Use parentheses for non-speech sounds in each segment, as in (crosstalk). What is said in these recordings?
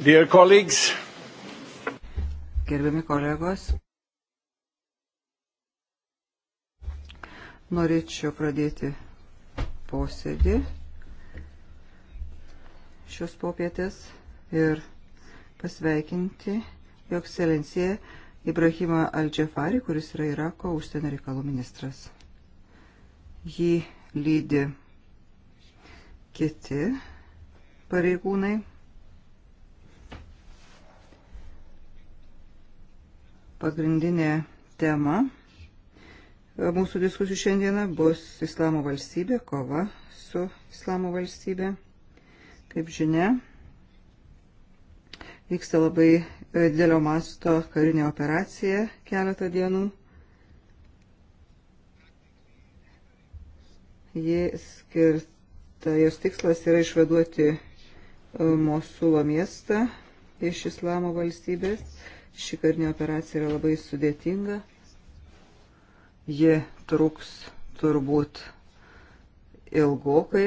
Dear colleagues. Gerbiami kolegos. Norėčiau pradėti posėdį šios popietės ir pasveikinti jo ekscelenciją Ibrahimą Aldžefari, kuris yra Irako užsienio reikalų ministras. Jį lydi kiti pareigūnai. Pagrindinė tema mūsų diskusijų šiandieną bus Islamo valstybė, kova su Islamo valstybė. Kaip žinia, vyksta labai e, didelio masto karinė operacija keletą dienų. Ji skirta, jos tikslas yra išvaduoti e, Mosulo miestą iš Islamo valstybės Ši karinė operacija yra labai sudėtinga. Ji truks turbūt ilgokai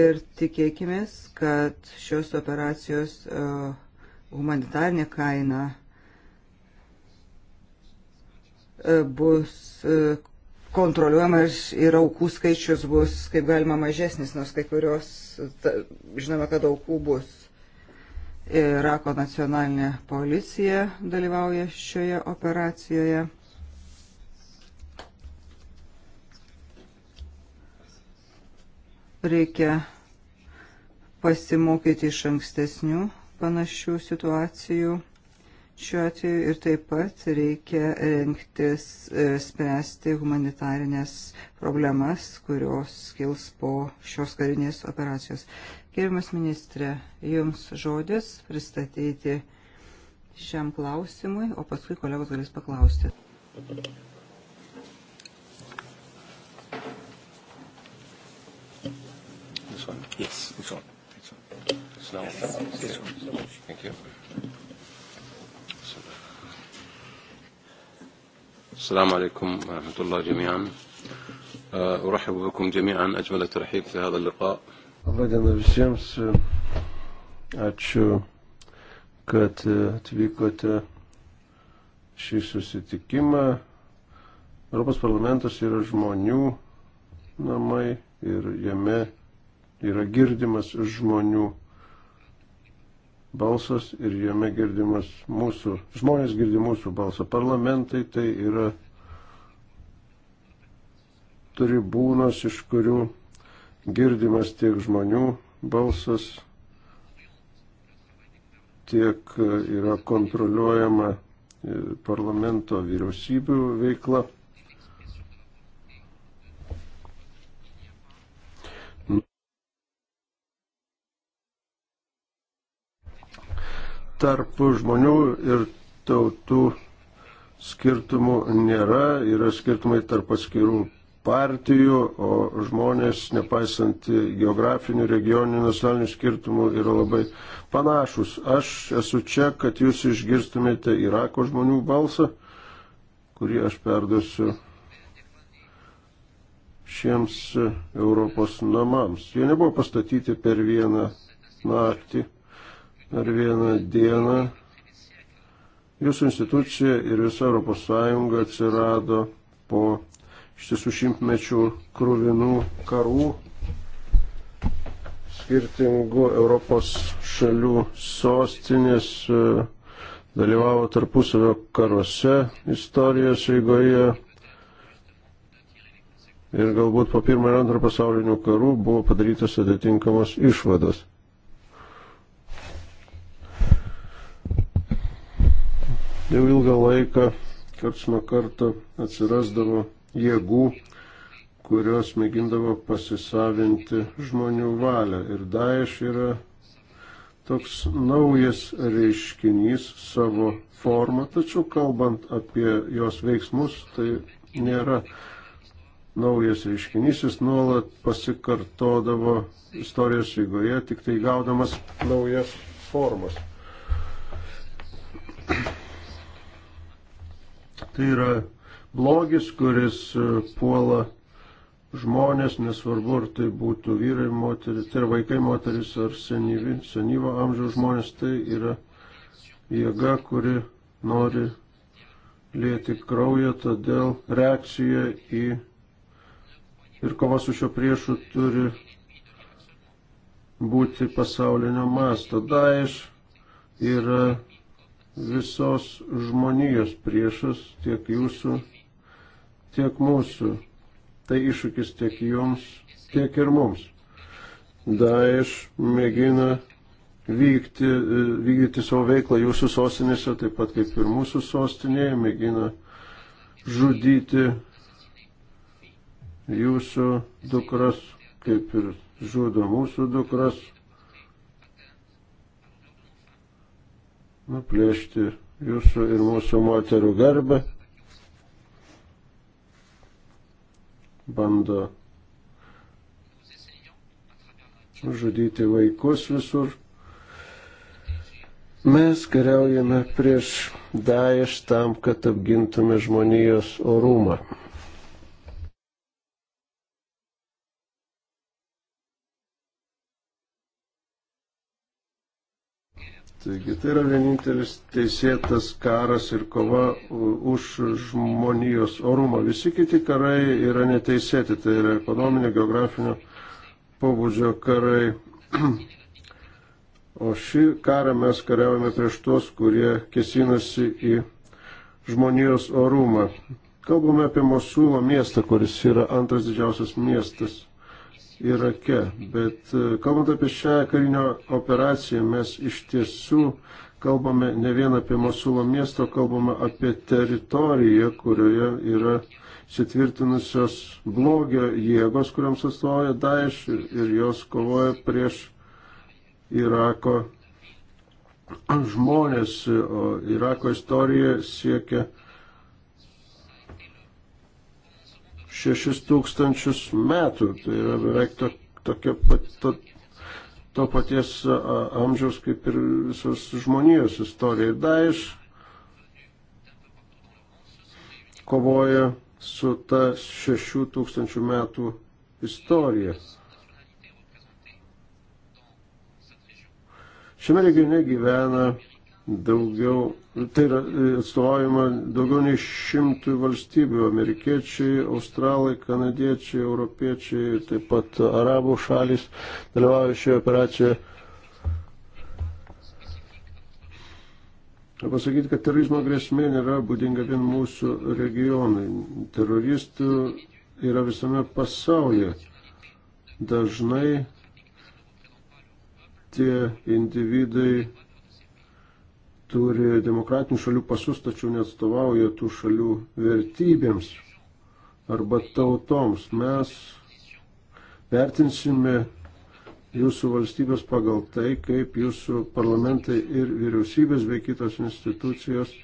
ir tikėkime, kad šios operacijos uh, e, humanitarnė kaina uh, bus uh, kontroliuojama ir aukų skaičius bus kaip galima mažesnis, nors kai kurios, ta, žinome, kad aukų bus Irako nacionalinė policija dalyvauja šioje operacijoje. Reikia pasimokyti iš ankstesnių panašių situacijų šiuo atveju ir taip pat reikia rengtis e, spręsti humanitarinės problemas, kurios kils po šios karinės operacijos. Gerimas ministrė, jums žodis pristatyti šiam klausimui, o paskui kolegos galės paklausti. This one. Yes, this one. This one. This one. This one. Thank you. السلام عليكم ورحمة الله جميعا أرحب بكم جميعا أجمل ترحيب في هذا اللقاء Labadiena visiems. Ačiū, kad atvykote šį susitikimą. Europos parlamentas yra žmonių namai ir jame yra girdimas žmonių balsas ir jame girdimas mūsų, žmonės girdi mūsų balsą. Parlamentai tai yra tribūnos, iš kurių girdimas tiek žmonių balsas, tiek e, yra kontroliuojama e, parlamento vyriausybių veikla. Tarp žmonių ir tautų skirtumų nėra, yra skirtumai tarp atskirų partijų, o žmonės, nepaisant geografinių, regioninių, nacionalinių skirtumų, yra labai panašus. Aš esu čia, kad jūs išgirstumėte Irako žmonių balsą, kurį aš perduosiu šiems Europos namams. Jie nebuvo pastatyti per vieną naktį, per vieną dieną. Jūsų institucija ir visa Europos Sąjunga atsirado po štisų šimtmečių krūvinų karų skirtingų Europos šalių sostinės e, dalyvavo tarpusavio karuose istorijos eigoje. Ir galbūt po pirmo ir antro pasaulinių karų buvo padarytas atitinkamos išvados. Jau ilgą laiką karts nuo karto atsirasdavo jėgų, kurios mėgindavo pasisavinti žmonių valią. Ir Daesh yra toks naujas reiškinys savo formą, tačiau kalbant apie jos veiksmus, tai nėra naujas reiškinys, jis nuolat pasikartodavo istorijos įgoje, tik tai gaudamas naujas formas. Tai yra blogis, kuris e, puola žmonės, nesvarbu, ar tai būtų vyrai, moteris, tai yra vaikai, moteris ar senyvi, senyvo amžiaus žmonės, tai yra jėga, kuri nori lėti kraują, todėl reakcija į ir kova su šio priešu turi būti pasaulinio masto. Daesh yra visos žmonijos priešas, tiek jūsų tiek mūsų. Tai iššūkis tiek jums, tiek ir mums. Daesh mėgina vykti, e, vykdyti savo veiklą jūsų sostinėse, taip pat kaip ir mūsų sostinėje, mėgina žudyti jūsų dukras, kaip ir žudo mūsų dukras, nuplėšti jūsų ir mūsų moterų garbę. bando žudyti vaikus visur. Mes kariaujame prieš Daesh tam, kad apgintume žmonijos orumą. Taigi tai yra vienintelis teisėtas karas ir kova už žmonijos orumą. Visi kiti karai yra neteisėti, tai yra ekonominio, geografinio pobūdžio karai. (clears throat) O šį karą mes kariaujame prieš tuos, kurie kesinasi į žmonijos orumą. Kalbame apie Mosulo miestą, kuris yra antras didžiausias miestas Irake. Bet e, kalbant apie šią karinę operaciją, mes iš tiesų kalbame ne vien apie Mosulo miesto, kalbame apie teritoriją, kurioje yra sitvirtinusios blogio jėgos, kuriams atstovauja Daesh ir, ir jos kovoja prieš Irako žmonės. O Irako istorija siekia 6000 metų. Tai yra beveik to, tokia pat, to, to paties amžiaus kaip ir visos žmonijos istorija. Daesh kovoja su ta 6000 metų istorija. Šiame regione gyvena daugiau, tai yra e, atstovaujama daugiau nei šimtų valstybių - amerikiečiai, australai, kanadiečiai, europiečiai, taip pat arabų šalis dalyvauja šioje operacijoje. Pasakyti, kad terorizmo grėsmė nėra būdinga vien mūsų regionai. Teroristų yra visame pasaulyje. Dažnai tie individai turi demokratinių šalių pasus, tačiau neatstovauja tų šalių vertybėms arba tautoms. Mes vertinsime jūsų valstybės pagal tai, kaip jūsų parlamentai ir vyriausybės bei kitos institucijos,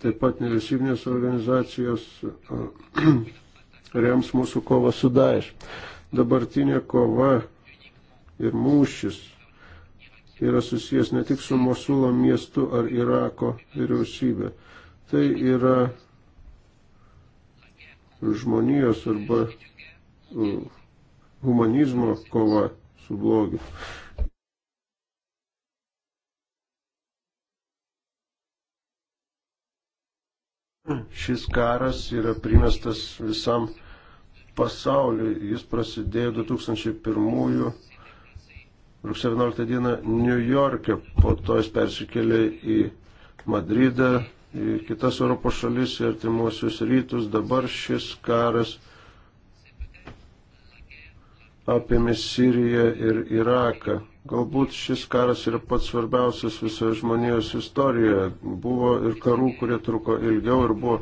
taip pat nevyriausybinės organizacijos (clears throat) rems mūsų kovą su Daesh. Dabartinė kova ir mūšis yra susijęs ne tik su Mosulo miestu ar Irako vyriausybė. Tai yra žmonijos arba humanizmo kova su blogiu. Šis karas yra primestas visam pasauliu. Jis prasidėjo 2001 rugsėjo 11 dieną New York'e, po to jis persikėlė į Madridą, į kitas Europos šalis ir artimuosius rytus. Dabar šis karas apėmė Siriją ir Iraką. Galbūt šis karas yra pats svarbiausias visoje žmonijos istorijoje. Buvo ir karų, kurie truko ilgiau ir buvo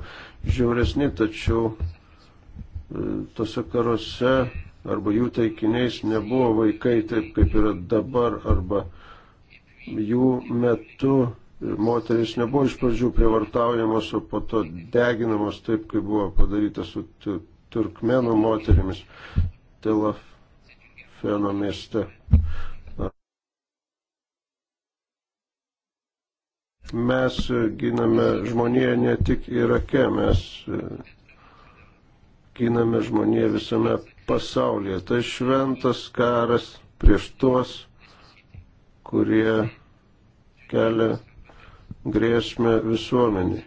žiauresni, tačiau e, tose karuose arba jų taikiniais nebuvo vaikai taip, kaip yra dabar, arba jų metu moteris nebuvo iš pradžių prievartaujamos, o po to deginamos taip, kaip buvo padaryta su turkmenų moterimis Telafeno mieste. Mes giname žmoniją ne tik Irake, mes giname žmoniją visame pasaulyje. Tai šventas karas prieš tuos, kurie kelia grėsmę visuomenį.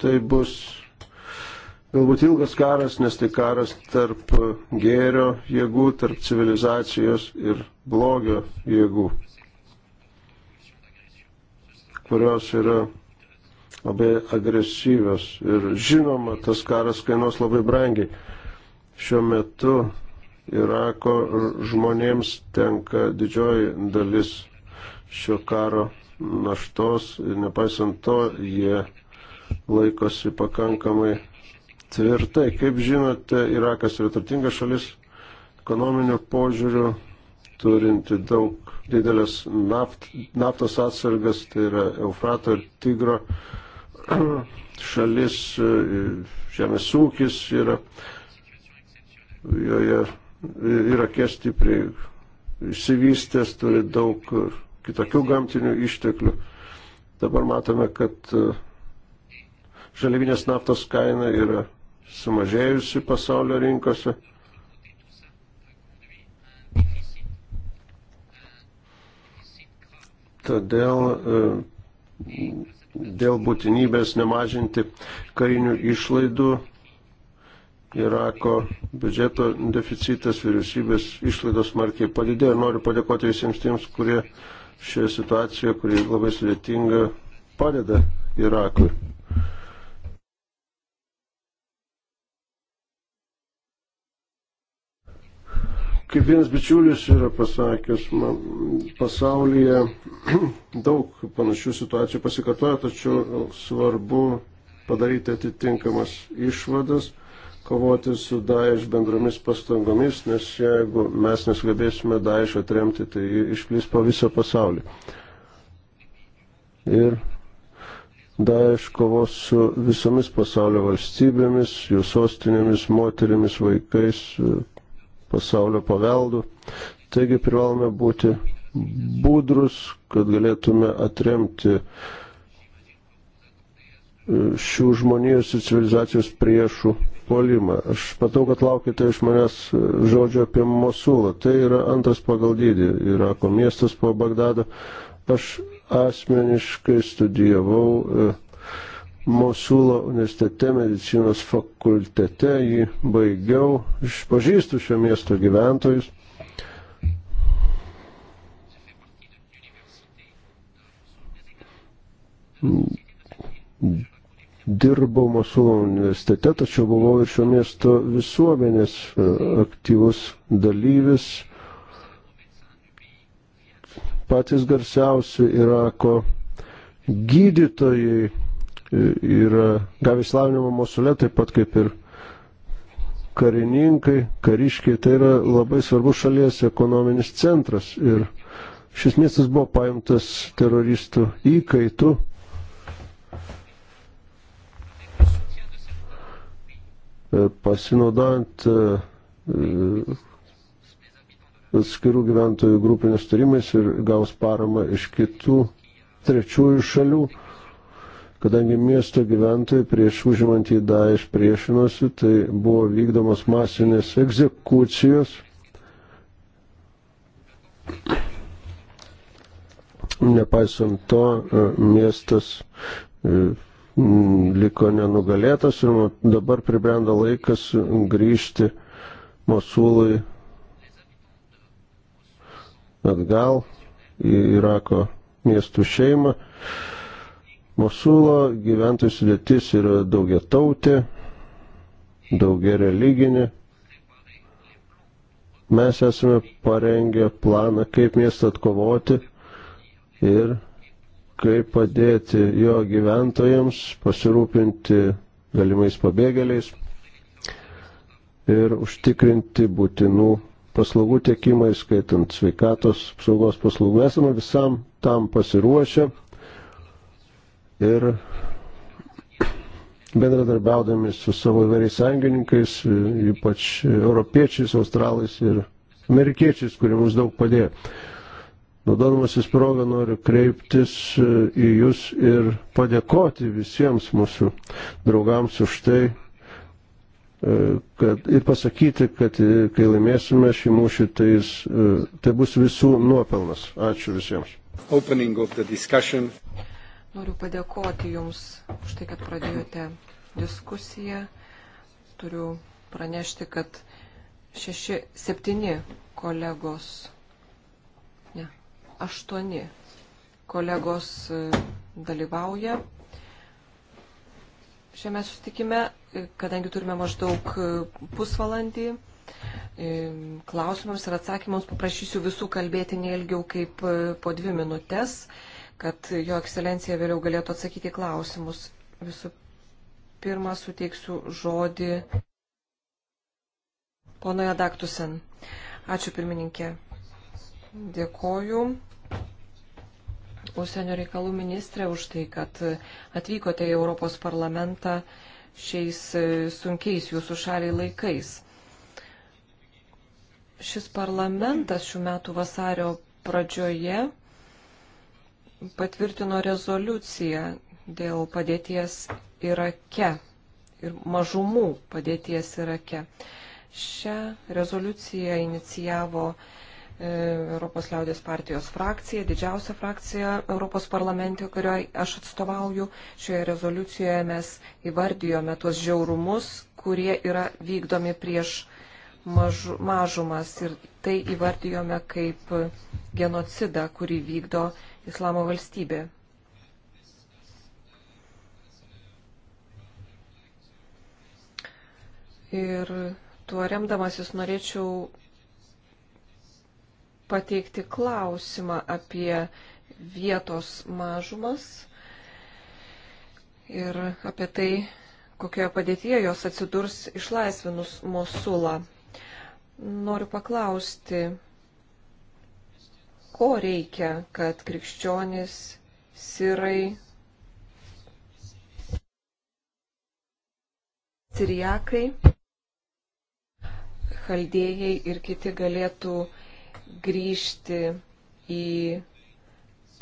Tai bus galbūt ilgas karas, nes tai karas tarp gėrio jėgų, tarp civilizacijos ir blogio jėgų, kurios yra labai agresyvios. Ir žinoma, tas karas kainuos labai brangiai. Šiuo metu Irako žmonėms tenka didžioji dalis šio karo naštos ir nepaisant to jie laikosi pakankamai tvirtai. Kaip žinote, Irakas yra turtinga šalis ekonominiu požiūriu, turinti daug didelės naft, naftos atsargas, tai yra Eufrato ir Tigro (clears throat) šalis, žemės ūkis yra joje Irake stipriai išsivystęs, turi daug kitokių gamtinių išteklių. Dabar matome, kad e, žalivinės naftos kaina yra sumažėjusi pasaulio rinkose. Todėl e, dėl būtinybės nemažinti karinių išlaidų Irako biudžeto deficitas, vyriausybės išlaidos markiai padidėjo. Noriu padėkoti visiems tiems, kurie šioje situacijoje, kurie labai sudėtinga, padeda Irakui. Kaip vienas bičiulis yra pasakęs, man, pasaulyje (clears throat) daug panašių situacijų pasikartoja, tačiau svarbu padaryti atitinkamas išvadas kovoti su Daesh bendromis pastangomis, nes jeigu mes nesugebėsime Daesh atremti, tai išplis po visą pasaulį. Ir Daesh kovos su visomis pasaulio valstybėmis, jų sostinėmis, moterimis, vaikais, pasaulio paveldu. Taigi privalome būti būdrus, kad galėtume atremti e, šių žmonijos ir civilizacijos priešų užpolimą. Aš patau, kad laukite iš manęs e, žodžio apie Mosulą. Tai yra antras pagal dydį Irako miestas po Bagdado. Aš asmeniškai studijavau e, Mosulo universitete medicinos fakultete, jį baigiau, išpažįstu šio miesto gyventojus. Mm dirbau Mosulo universitete, tačiau buvau ir šio miesto visuomenės e, aktyvus dalyvis. Patys garsiausi Irako gydytojai e, yra gavę įslavinimą Mosule, taip pat kaip ir karininkai, kariškiai, tai yra labai svarbus šalies ekonominis centras. Ir šis miestas buvo paimtas teroristų įkaitų E, pasinaudojant e, e, atskirų gyventojų grupinės tarimais ir gaus paramą iš kitų trečiųjų šalių, kadangi miesto gyventojai prieš užimant į Daesh priešinosi, tai buvo vykdomos masinės egzekucijos. Nepaisant to, miestas Mm, liko nenugalėtas ir dabar pribrendo laikas grįžti Mosului atgal į Irako miestų šeimą. Mosulo gyventojų sudėtis yra daugia tautė, daugia religinė. Mes esame parengę planą, kaip miestą atkovoti ir kaip padėti jo gyventojams pasirūpinti galimais pabėgėliais ir užtikrinti būtinų paslaugų tiekimą, skaitant sveikatos apsaugos paslaugų. Esame visam tam pasiruošę ir bendradarbiaudami su savo įvairiais sąjungininkais, ypač europiečiais, australais ir amerikiečiais, kurie mums daug padėjo. Naudodamasis progą noriu kreiptis e, į Jūs ir padėkoti visiems mūsų draugams už tai, e, kad, ir pasakyti, kad e, kai laimėsime šį mūšį, tai, jis, tai bus visų nuopelnas. Ačiū visiems. Noriu padėkoti Jums už tai, kad pradėjote diskusiją. Turiu pranešti, kad šeši, septyni kolegos Aštuoni kolegos e, dalyvauja šiame sustikime, e, kadangi turime maždaug e, pusvalandį. Klausimams ir atsakymams paprašysiu visų kalbėti neilgiau kaip po dvi minutės, kad jo ekscelencija vėliau galėtų atsakyti klausimus. Visų pirma, suteiksiu žodį ponui Adaktusen. Ačiū pirmininkė. Dėkoju užsienio reikalų ministrė už tai, kad atvykote į Europos parlamentą šiais e, sunkiais jūsų šaliai laikais. Šis parlamentas šių metų vasario pradžioje patvirtino rezoliuciją dėl padėties Irake ir mažumų padėties Irake. Šią rezoliuciją inicijavo E, Europos liaudės partijos frakcija, didžiausia frakcija Europos parlamente, kurioje aš atstovauju. Šioje rezoliucijoje mes įvardijome tuos žiaurumus, kurie yra vykdomi prieš mažu, mažumas ir tai įvardijome kaip genocidą, kurį vykdo Islamo valstybė. Ir tuo remdamasis norėčiau pateikti klausimą apie vietos mažumas ir apie tai, kokioje padėtyje jos atsidurs išlaisvinus Mosulą. Noriu paklausti, ko reikia, kad krikščionys, sirai, sirijakai, chaldėjai ir kiti galėtų grįžti į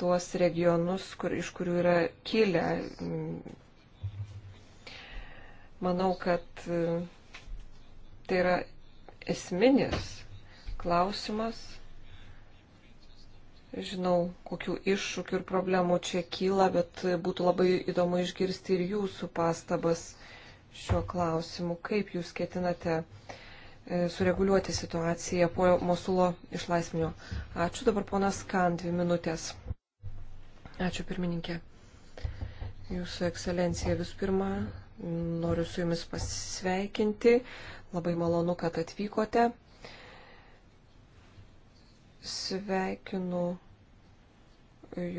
tuos regionus, kur, iš kurių yra kilę. Manau, kad e, tai yra esminis klausimas. Žinau, kokių iššūkių ir problemų čia kyla, bet būtų labai įdomu išgirsti ir jūsų pastabas šiuo klausimu. Kaip jūs ketinate uh, E, sureguliuoti situaciją po Mosulo išlaisvinio. Ačiū dabar ponas Kan, dvi minutės. Ačiū pirmininkė. Jūsų ekscelencija visų pirma, noriu su jumis pasveikinti. Labai malonu, kad atvykote. Sveikinu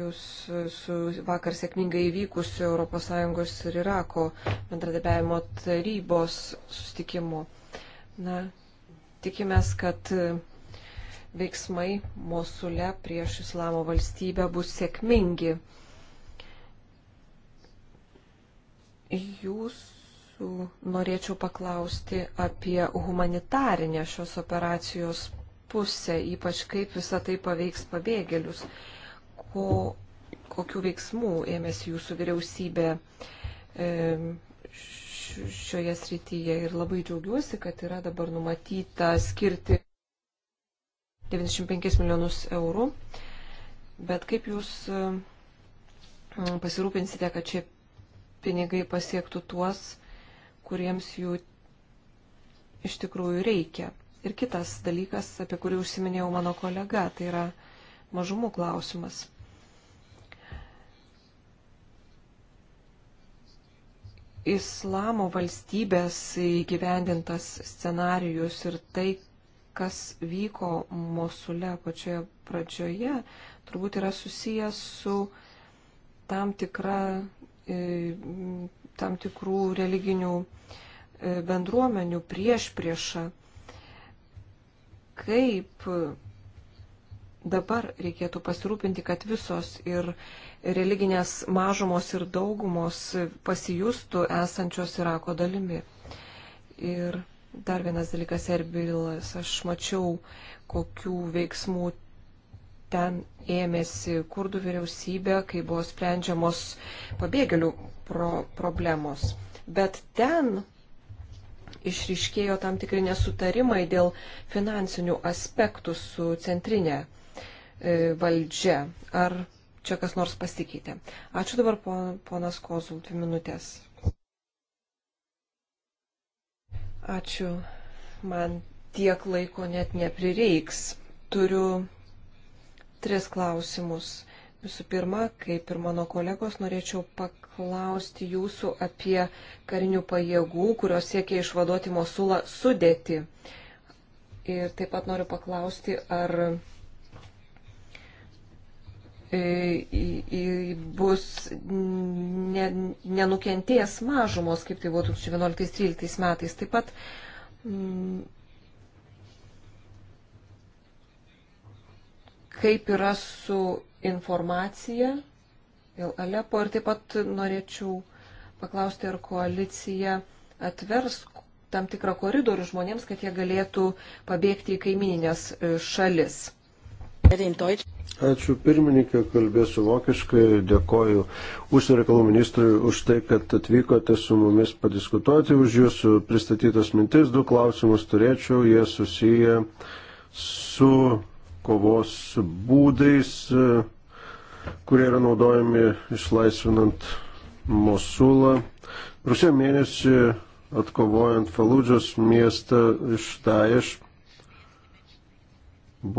jūs su vakar sėkmingai įvykusiu ES ir Irako bendradarbiavimo tarybos sustikimu. Na, tikimės, kad e, veiksmai Mosule prieš Islamo valstybę bus sėkmingi. Jūsų norėčiau paklausti apie humanitarinę šios operacijos pusę, ypač kaip visą tai paveiks pabėgėlius. Ko, kokių veiksmų ėmėsi jūsų vyriausybė e, šioje srityje ir labai džiaugiuosi, kad yra dabar numatyta skirti 95 milijonus eurų. Bet kaip jūs e, pasirūpinsite, kad šie pinigai pasiektų tuos, kuriems jų iš tikrųjų reikia? Ir kitas dalykas, apie kurį užsiminėjau mano kolega, tai yra mažumų klausimas. islamo valstybės įgyvendintas scenarijus ir tai, kas vyko Mosule pačioje pradžioje, turbūt yra susijęs su tam, tikra, e, tam tikrų religinių e, bendruomenių prieš priešą. Kaip dabar reikėtų pasirūpinti, kad visos ir e, religinės mažumos ir daugumos pasijustų esančios Irako dalimi. Ir dar vienas dalykas, Erbilas, aš mačiau, kokių veiksmų ten ėmėsi kurdų vyriausybė, kai buvo sprendžiamos pabėgėlių pro problemos. Bet ten išryškėjo tam tikri nesutarimai dėl finansinių aspektų su centrinė e, valdžia. Ar čia kas nors pasikeitė. Ačiū dabar ponas Kozul, dvi minutės. Ačiū. Man tiek laiko net neprireiks. Turiu tris klausimus. Visų pirma, kaip ir mano kolegos, norėčiau paklausti jūsų apie karinių pajėgų, kurios siekia išvaduoti Mosulą sudėti. Ir taip pat noriu paklausti, ar E, bus ne, nenukentės mažumos, kaip tai buvo 2011-2013 metais. Taip pat mm, kaip yra su informacija dėl Alepo ir taip pat norėčiau paklausti, ar koalicija atvers tam tikrą koridorių žmonėms, kad jie galėtų pabėgti į kaimininės e, šalis. Rimtojčiai. Ačiū pirmininkė, kalbėsiu vokiškai, dėkoju užsienio reikalų ministrui už tai, kad atvykote su mumis padiskutuoti, už jūsų pristatytas mintis. Du klausimus turėčiau, jie susiję su kovos būdais, kurie yra naudojami išlaisvinant Mosulą. Rusė mėnesį atkovojant Faludžios miestą iš Taieš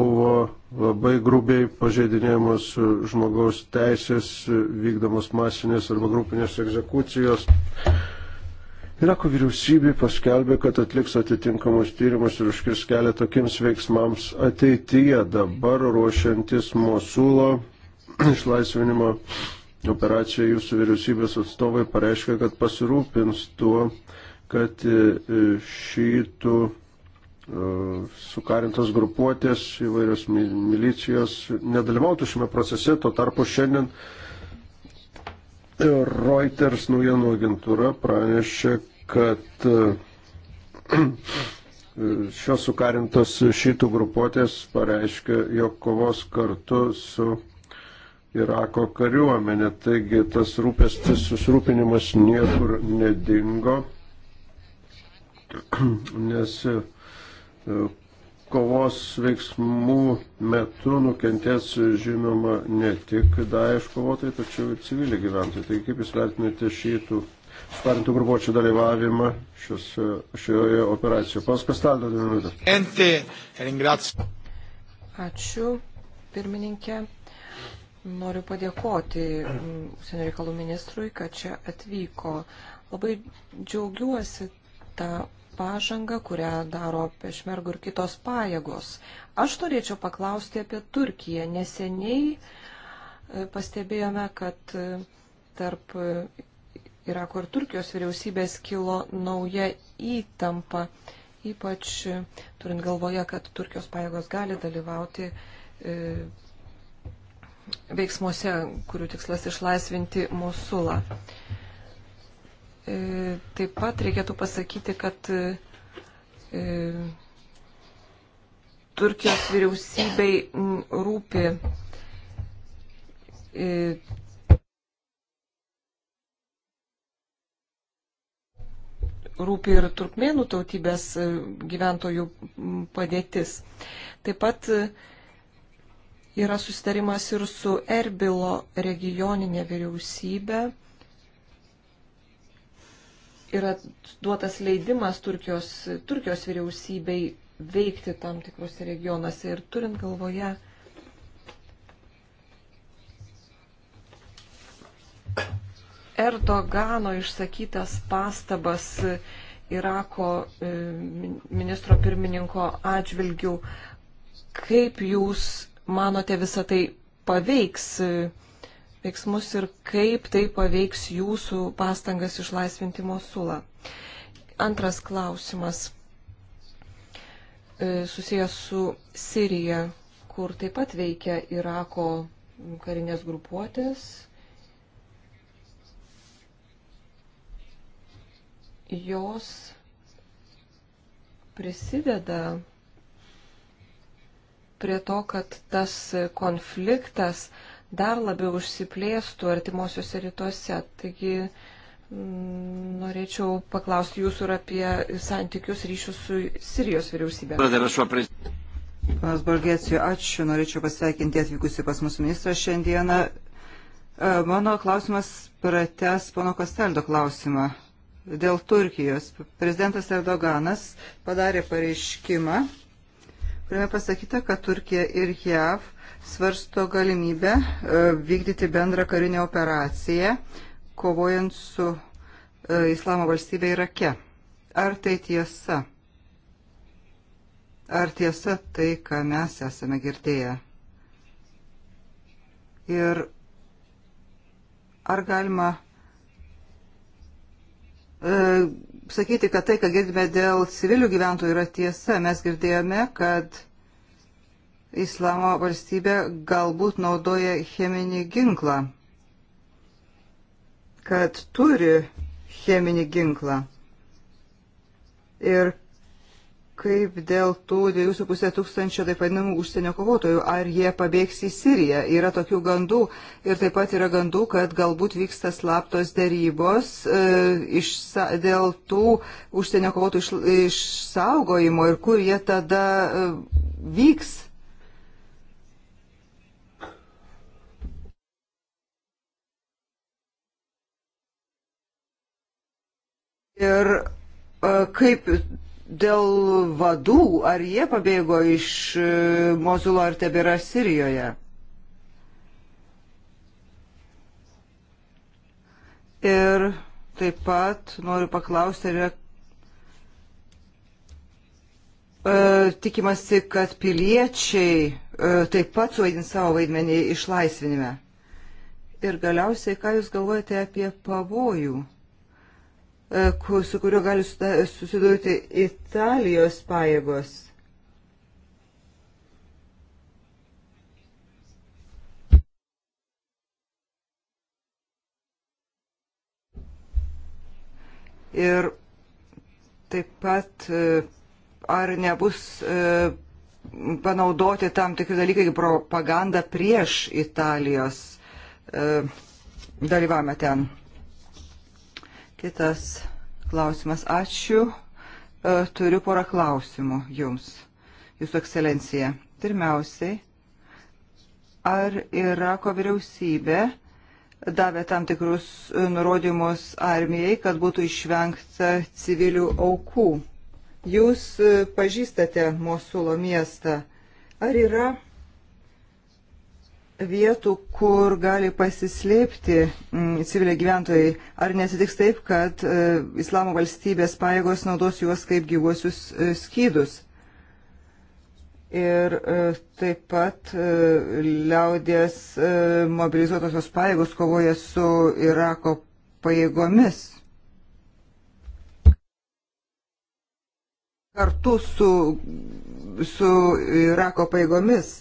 buvo labai grubiai pažeidinėjamos žmogaus teisės, vykdomos masinės arba grupinės egzekucijos. Irako vyriausybė paskelbė, kad atliks atitinkamus tyrimus ir užkirs kelią tokiems veiksmams ateityje. Dabar ruošiantis Mosulo išlaisvinimo operaciją jūsų vyriausybės atstovai pareiškia, kad pasirūpins tuo, kad e, šitų E, sukarintos grupuotės, įvairios milicijos nedalyvautų šiame procese, tuo tarpu šiandien Reuters naujienų agentūra pranešė, kad e, šios sukarintos šitų grupuotės pareiškia, jog kovos kartu su Irako kariuomenė. Taigi tas rūpestis, susirūpinimas niekur nedingo, nes kovos veiksmų metu nukentės, žinoma, ne tik Daesh kovotojai, tačiau ir civiliai gyventojai. Taigi kaip Jūs vertinate šitų sparintų grupuočių dalyvavimą šios, šioje operacijoje? Pas Kastaldo dvi minutės. Ačiū, pirmininkė. Noriu padėkoti mm, užsienio reikalų ministrui, kad čia atvyko. Labai džiaugiuosi tą pažangą, kurią daro pešmergų ir kitos pajėgos. Aš norėčiau paklausti apie Turkiją. Neseniai e, pastebėjome, kad e, tarp Irako ir Turkijos vyriausybės kilo nauja įtampa, ypač e, turint galvoje, kad Turkijos pajėgos gali dalyvauti veiksmuose, kurių tikslas išlaisvinti Mosulą. E, taip pat reikėtų pasakyti, kad e, e, Turkijos vyriausybei rūpi rūpi ir turkmėnų tautybės gyventojų padėtis. Taip pat yra susitarimas ir su Erbilo regioninė vyriausybė yra duotas leidimas Turkijos, Turkijos vyriausybei veikti tam tikrose regionuose ir turint galvoje Erdogano išsakytas pastabas Irako e, ministro pirmininko atžvilgių, kaip jūs manote visą tai paveiks e, veiksmus ir kaip tai paveiks jūsų pastangas išlaisvinti Mosulą. Antras klausimas e, susijęs su Sirija, kur taip pat veikia Irako karinės grupuotės. Jos prisideda prie to, kad tas konfliktas dar labiau užsiplėstų artimuosiuose rytuose. Taigi mm, norėčiau paklausti jūsų ir apie santykius ryšius su Sirijos vyriausybė. Panas Borgėcijų, ačiū. Norėčiau pasveikinti atvykusi pas mūsų ministrą šiandieną. E, mano klausimas prates pono Kasteldo klausimą dėl Turkijos. Prezidentas Erdoganas padarė pareiškimą, kuriame pasakyta, kad Turkija ir JAV svarsto galimybę e, vykdyti bendrą karinę operaciją, kovojant su e, Islamo valstybė Irake. Ar tai tiesa? Ar tiesa tai, ką mes esame girdėję? Ir ar galima e, sakyti, kad tai, ką girdime dėl civilių gyventojų, yra tiesa? Mes girdėjome, kad Islamo valstybė galbūt naudoja cheminį ginklą, kad turi cheminį ginklą. Ir kaip dėl tų 2,5 tūkstančio taip vadinamų užsienio kovotojų, ar jie pabėgs į Siriją. Yra tokių gandų ir taip pat yra gandų, kad galbūt vyksta slaptos dėrybos e, iš, dėl tų užsienio kovotojų iš, išsaugojimo ir kur jie tada e, vyks. Ir e, kaip dėl vadų, ar jie pabėgo iš e, Mozulo ar tebėra Sirijoje? Ir taip pat noriu paklausti, ar yra e, tikimasi, kad piliečiai taip pat suvaidins savo vaidmenį išlaisvinime. Ir galiausiai, ką Jūs galvojate apie pavojų? E, su kuriuo gali susidurti Italijos pajėgos. Ir taip pat e, ar nebus e, panaudoti tam tikri dalykai propaganda prieš Italijos dalyvavimą ten. Kitas klausimas. Ačiū. E, turiu porą klausimų jums, Jūsų ekscelencija. Pirmiausiai, ar Irako vyriausybė davė tam tikrus e, nurodymus armijai, kad būtų išvengta civilių aukų? Jūs e, pažįstate Mosulo miestą. Ar yra vietų, kur gali pasislėpti mm, civiliai gyventojai. Ar nesitiks taip, kad e, Islamo valstybės pajėgos naudos juos kaip gyvuosius e, skydus? Ir e, taip pat liaudės mobilizuotosios pajėgos kovoja su Irako pajėgomis. Kartu su, su Irako pajėgomis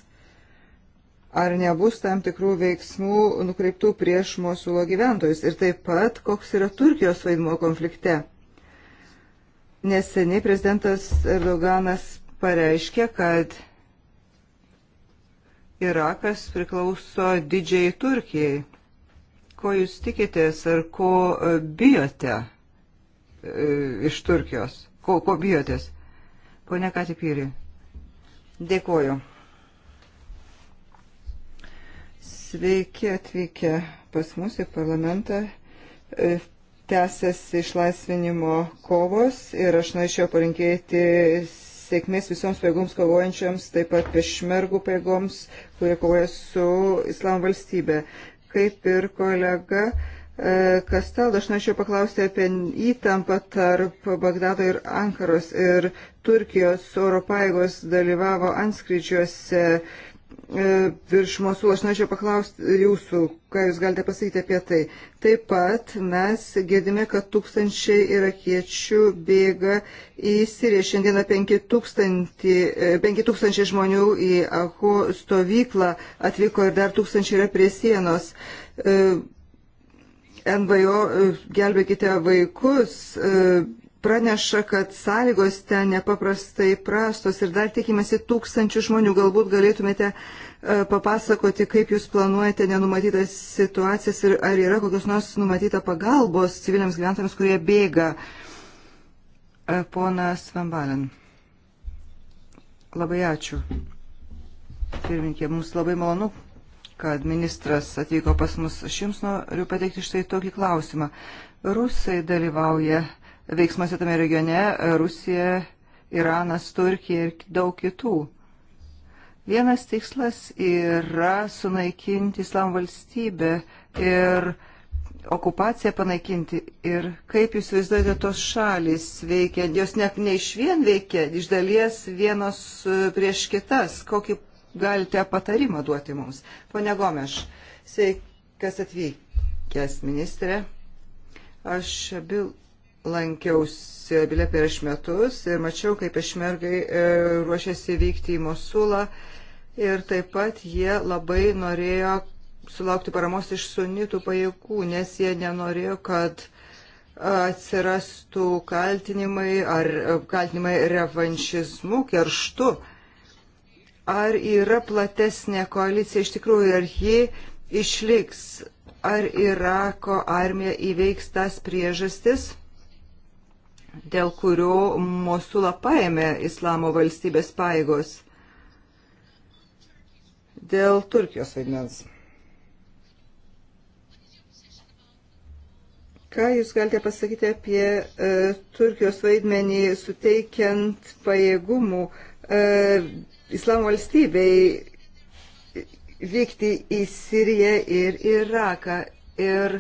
ar nebus tam tikrų veiksmų nukreiptų prieš Mosulo gyventojus ir taip pat koks yra Turkijos vaidmuo konflikte. Neseniai prezidentas Erdoganas pareiškė, kad Irakas priklauso didžiai Turkijai. Ko jūs tikitės ar ko bijote e, iš Turkijos? Ko, ko bijotės? Pone Katipyri, dėkoju. Sveiki atvykę pas mus į parlamentą. E, tęsiasi išlaisvinimo kovos ir aš norėčiau palinkėti sėkmės visoms pajėgoms kovojančioms, taip pat pešmergų pajėgoms, kurie kovoja su Islamo valstybė. Kaip ir kolega e, Kastaldo, aš norėčiau paklausti apie įtampą tarp Bagdado ir Ankaros ir Turkijos oro pajėgos dalyvavo anskrydžiuose E, virš Mosul. Aš norėčiau paklausti jūsų, ką jūs galite pasakyti apie tai. Taip pat mes girdime, kad tūkstančiai irakiečių bėga į Siriją. Šiandieną 5000 e, žmonių į Aho stovyklą atvyko ir dar tūkstančiai yra prie sienos. E, NVO gelbėkite vaikus praneša, kad sąlygos ten nepaprastai prastos ir dar tikimasi tūkstančių žmonių. Galbūt galėtumėte e, papasakoti, kaip jūs planuojate nenumatytas situacijas ir ar yra kokios nors numatyta pagalbos civiliams gyventojams, kurie bėga. E, ponas Vambalen. Labai ačiū. Pirminkė, mums labai malonu, kad ministras atvyko pas mus. Aš jums noriu pateikti štai tokį klausimą. Rusai dalyvauja veiksmuose tame regione - Rusija, Iranas, Turkija ir daug kitų. Vienas tikslas yra sunaikinti islamo valstybę ir okupaciją panaikinti. Ir kaip jūs vaizduojate, tos šalis veikia, jos net ne iš vien veikia, iš dalies vienos e, prieš kitas. Kokį galite patarimą duoti mums? Pone Gomeš, sveikas atvykęs ministrė. Aš abil lankiausi Abile prieš metus ir mačiau, kaip išmergai e, ruošiasi vykti į Mosulą ir taip pat jie labai norėjo sulaukti paramos iš sunitų pajėgų, nes jie nenorėjo, kad e, atsirastų kaltinimai ar e, kaltinimai revanšizmu, kerštu. Ar yra platesnė koalicija iš tikrųjų, ar ji išliks, ar Irako armija įveiks tas priežastis? dėl kurio Mosulą paėmė Islamo valstybės paėgos. Dėl Turkijos vaidmens. Ką Jūs galite pasakyti apie e, Turkijos vaidmenį suteikiant pajėgumų e, Islamo valstybei vykti į Siriją ir Iraką? Ir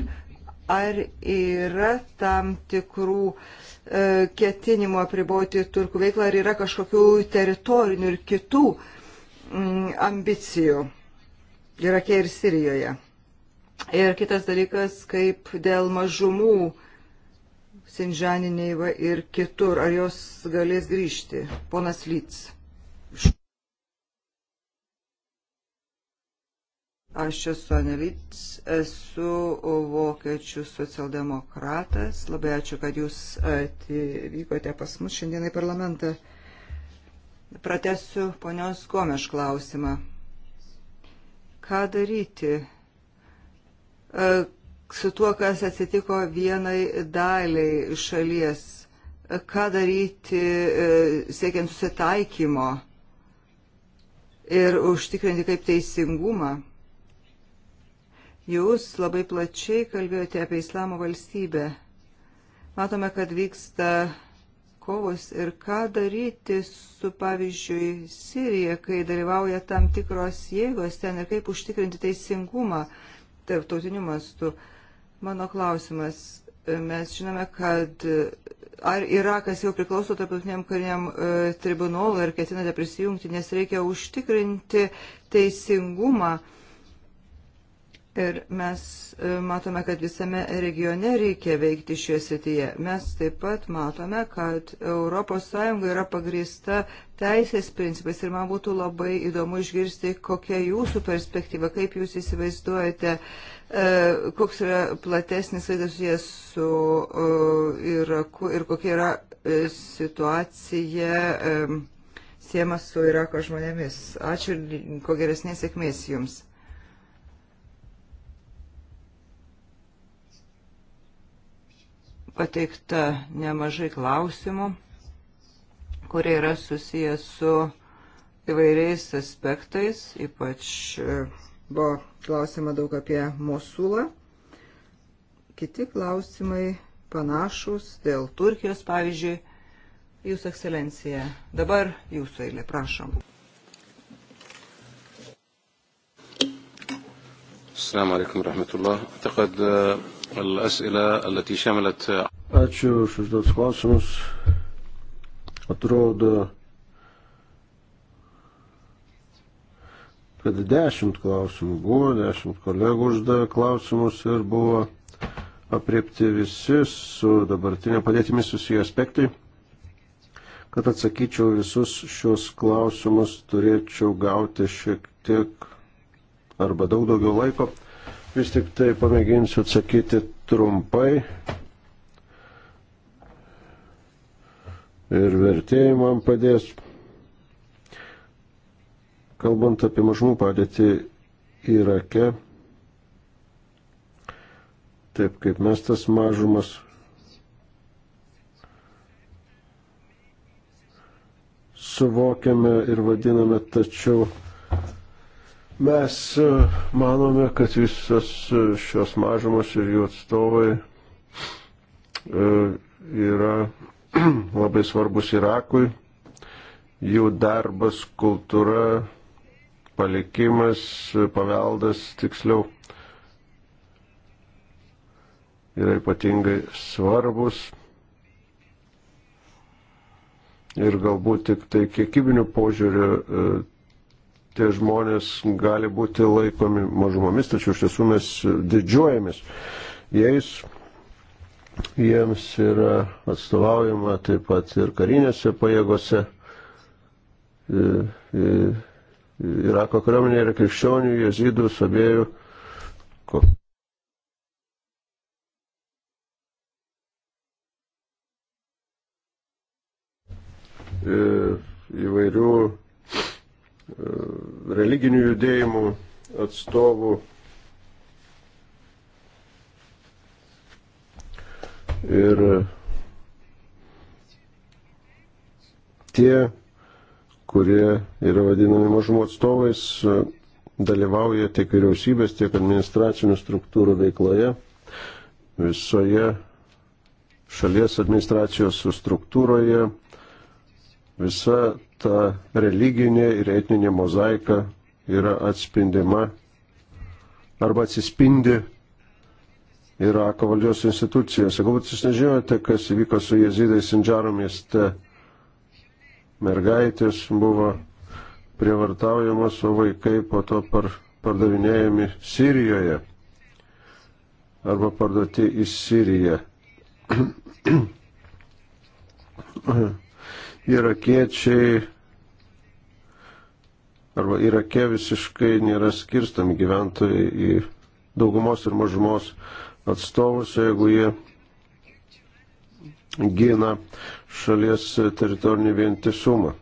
ar yra tam tikrų e, E, ketinimo apriboti turkų veiklą, ar yra kažkokių teritorinių ir kitų mm, ambicijų Irake ir Sirijoje. Ir kitas dalykas, kaip dėl mažumų Sinžaninėje ir kitur, ar jos galės grįžti. Ponas Lyts. Aš esu Anevits, esu vokiečių socialdemokratas. Labai ačiū, kad jūs atvykote pas mus šiandien į parlamentą. Pratesiu ponios Gomeš klausimą. Ką daryti e, su tuo, kas atsitiko vienai daliai šalies? Ką daryti e, siekiant susitaikymo? ir užtikrinti kaip teisingumą. Jūs labai plačiai kalbėjote apie islamo valstybę. Matome, kad vyksta kovos ir ką daryti su, pavyzdžiui, Sirija, kai dalyvauja tam tikros jėgos ten ir kaip užtikrinti teisingumą tarptautiniu mastu. Mano klausimas, mes žinome, kad ar Irakas jau priklauso tarptautiniam kariniam e, tribunolui ir ketinate prisijungti, nes reikia užtikrinti teisingumą Ir mes e, matome, kad visame regione reikia veikti šioje srityje. Mes taip pat matome, kad ES yra pagrįsta teisės principais ir man būtų labai įdomu išgirsti, kokia jūsų perspektyva, kaip jūs įsivaizduojate, e, koks yra platesnis vaizdas susijęs su e, Iraku ir kokia yra situacija siema su Irako žmonėmis. Ačiū ir ko geresnės sėkmės jums. pateikta nemažai klausimų, kurie yra susijęs su įvairiais aspektais, ypač e, buvo klausima daug apie Mosulą. Kiti klausimai panašus dėl Turkijos, pavyzdžiui, Jūsų ekscelencija. Dabar Jūsų eilė, prašom. السلام عليكم ورحمة الله أعتقد Ačiū už užduotus klausimus. Atrodo, kad dešimt klausimų buvo, dešimt kolegų uždavė klausimus ir buvo apriepti visi su dabartinė padėtimi susiję aspektai. Kad atsakyčiau visus šios klausimus, turėčiau gauti šiek tiek arba daug daugiau laiko. Vis tik tai pamėginsiu atsakyti trumpai. Ir vertėjai man padės. Kalbant apie mažumų padėtį Irake, taip kaip mes tas mažumas suvokiame ir vadiname, tačiau Mes e, manome, kad visas e, šios mažumos ir jų atstovai e, yra (clears throat) labai svarbus Irakui. Jų darbas, kultūra, palikimas, paveldas tiksliau yra ypatingai svarbus ir galbūt tik tai kiekybinių požiūrių tie žmonės gali būti laikomi mažumomis, tačiau iš tiesų mes didžiuojamės jais. Jiems yra atstovaujama taip pat ir karinėse pajėgose. E, e, Irako kariuomenė yra krikščionių, jezidų, sabėjų. E, įvairių religinių judėjimų atstovų ir tie, kurie yra vadinami mažumo atstovais, dalyvauja tiek vyriausybės, tiek administracinių struktūrų veikloje visoje šalies administracijos struktūroje. Visa ta religinė ir etninė mozaika yra atspindima arba atsispindi Irako valdžios institucijose. Galbūt jūs nežinote, kas įvyko su jezidais Sindžaro mieste. Mergaitės buvo prievartaujamos, o vaikai po to par, pardavinėjami Sirijoje arba parduoti į Siriją. (clears throat) Irakiečiai arba Irake visiškai nėra skirstami gyventojai į daugumos ir mažumos atstovus, jeigu jie gina šalies teritorinį vientisumą.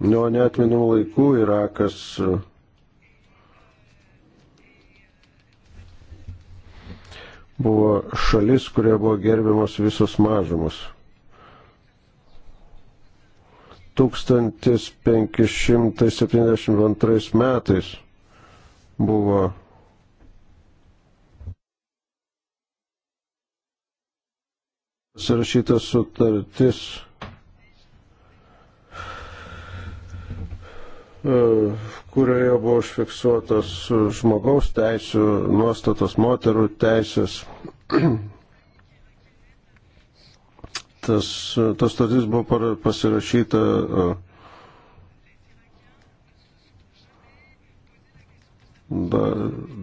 Nuo netminimų laikų Irakas uh, buvo šalis, kurioje buvo gerbiamos visos mažumos. 1572 metais buvo pasirašyta sutartis e, kurioje buvo užfiksuotos žmogaus teisų nuostatos, moterų teisės (clears throat) tas, tas stotis buvo pasirašyta dar,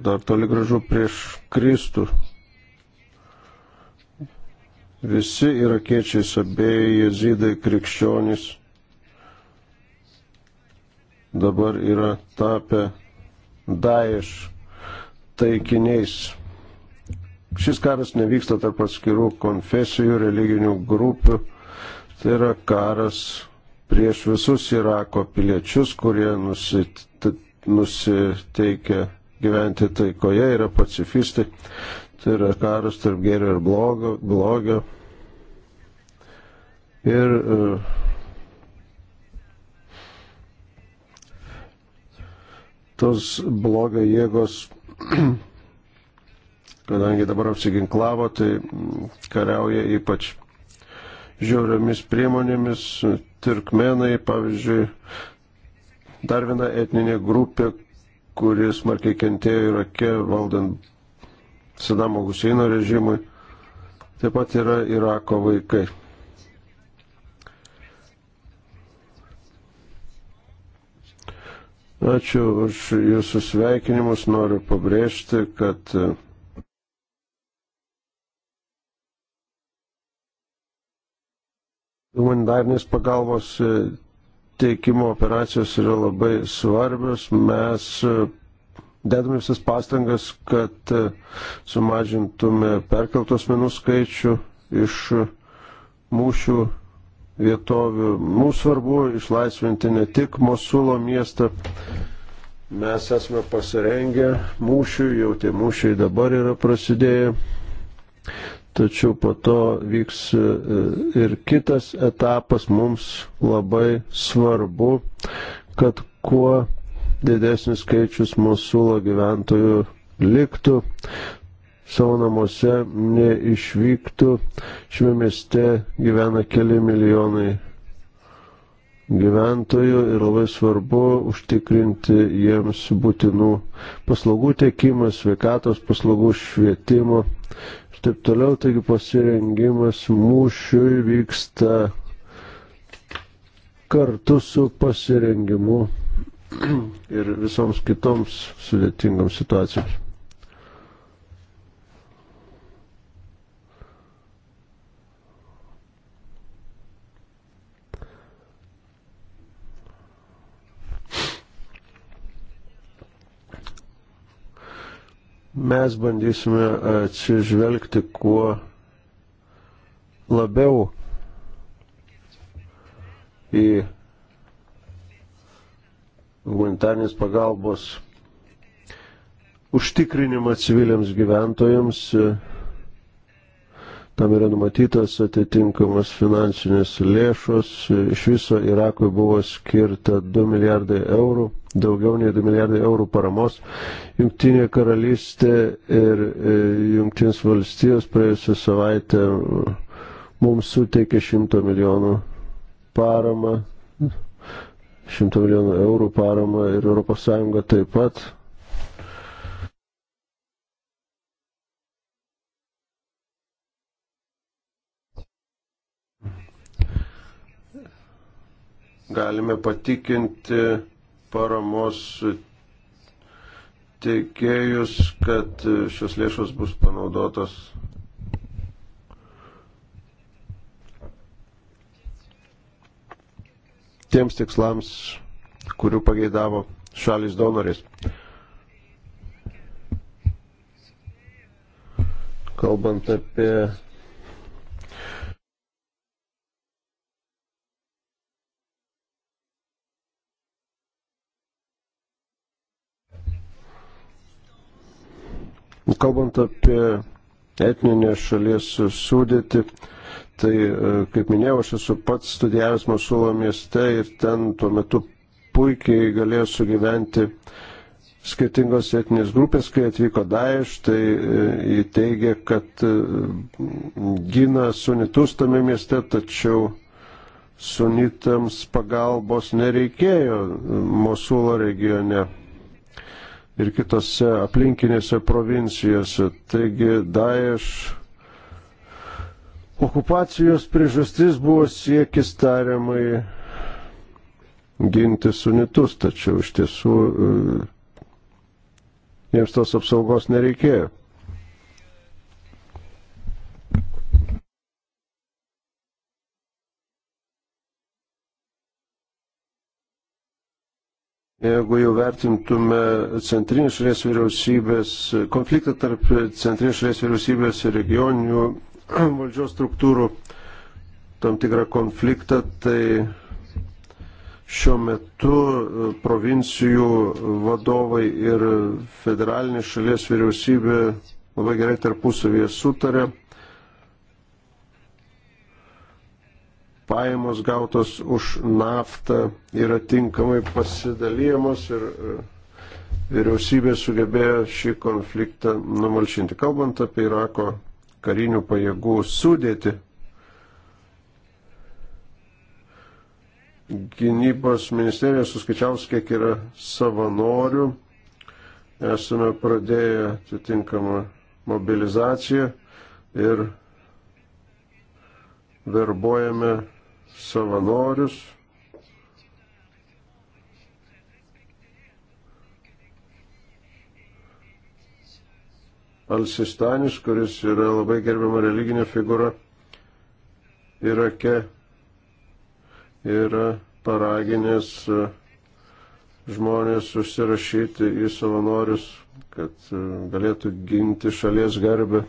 dar toli gražu prieš Kristų. Visi irakiečiai, sabėjai, jezidai, krikščionys dabar yra tapę Daesh taikiniais. Šis karas nevyksta tarp atskirų konfesijų, religinių grupių. Tai yra karas prieš visus Irako piliečius, kurie nusiteikia gyventi taikoje, yra pacifistai. Tai yra karas tarp gėrio ir blogo, blogio. Ir e, tos blogio jėgos kadangi dabar apsiginklavo, tai kariauja ypač žiauriomis priemonėmis. Turkmenai, pavyzdžiui, dar viena etninė grupė, kuri smarkiai kentėjo Irake valdant Sadamo Huseino režimui, taip pat yra Irako vaikai. Ačiū už jūsų sveikinimus, noriu pabrėžti, kad humanitarnės pagalbos e, teikimo operacijos yra labai svarbios. Mes e, dedame visas pastangas, kad e, sumažintume perkeltos menų skaičių iš mūšių vietovių. Mums svarbu išlaisvinti ne tik Mosulo miestą, mes esame pasirengę mūšių, jau tie mūšiai dabar yra prasidėję tačiau po to vyks e, ir kitas etapas. Mums labai svarbu, kad kuo didesnis skaičius mūsų gyventojų liktų savo namuose, neišvyktų. Šiame mieste gyvena keli milijonai gyventojų ir labai svarbu užtikrinti jiems būtinų paslaugų tiekimą, sveikatos paslaugų, švietimo ir taip toliau. Taigi pasirengimas mūšiui vyksta kartu su pasirengimu (clears throat) ir visoms kitoms sudėtingoms situacijoms. Mes bandysime atsižvelgti kuo labiau į humanitarnės pagalbos užtikrinimą civiliams gyventojams. Tam yra numatytas atitinkamas finansinės lėšos. Iš viso Irakui buvo skirta 2 milijardai eurų daugiau nei 2 milijardai eurų paramos. Jungtinė karalystė ir e, Jungtinės valstijos praėjusią savaitę mums suteikė 100 milijonų paramą, 100 milijonų eurų paramą ir ES taip pat galime patikinti paramos teikėjus, kad šios lėšos bus panaudotos tiems tikslams, kurių pageidavo šalis donorės. Kalbant apie Kalbant apie etninę šalies sudėtį, tai, e, kaip minėjau, aš esu pats studijavęs Masulo mieste ir ten tuo metu puikiai galėjo sugyventi skirtingos etinės grupės, kai atvyko Daesh, tai e, jį teigia, kad e, gina sunitus tame mieste, tačiau sunitams pagalbos nereikėjo Mosulo regione ir kitose aplinkinėse provincijose. Taigi Daesh okupacijos priežastis buvo siekis tariamai ginti sunitus, tačiau iš tiesų e, jiems tos apsaugos nereikėjo. Jeigu jau vertintume centrinės šalies vyriausybės, konfliktą tarp centrinės šalies vyriausybės ir regioninių (clears throat) valdžios struktūrų, tam tikrą konfliktą, tai šiuo metu e, provincijų vadovai ir federalinė šalies vyriausybė labai gerai tarpusavyje sutarė pajamos gautos už naftą yra tinkamai pasidalyjamos ir e, vyriausybė sugebėjo šį konfliktą numalšinti. Kalbant apie Irako karinių pajėgų sudėti, gynybos ministerija suskaičiaus, kiek yra savanorių. Esame pradėję atitinkamą mobilizaciją ir verbuojame savanorius. Alsistanis, kuris yra labai gerbiama religinė figūra Irake, yra paraginęs e, žmonės užsirašyti į savanorius, kad e, galėtų ginti šalies garbę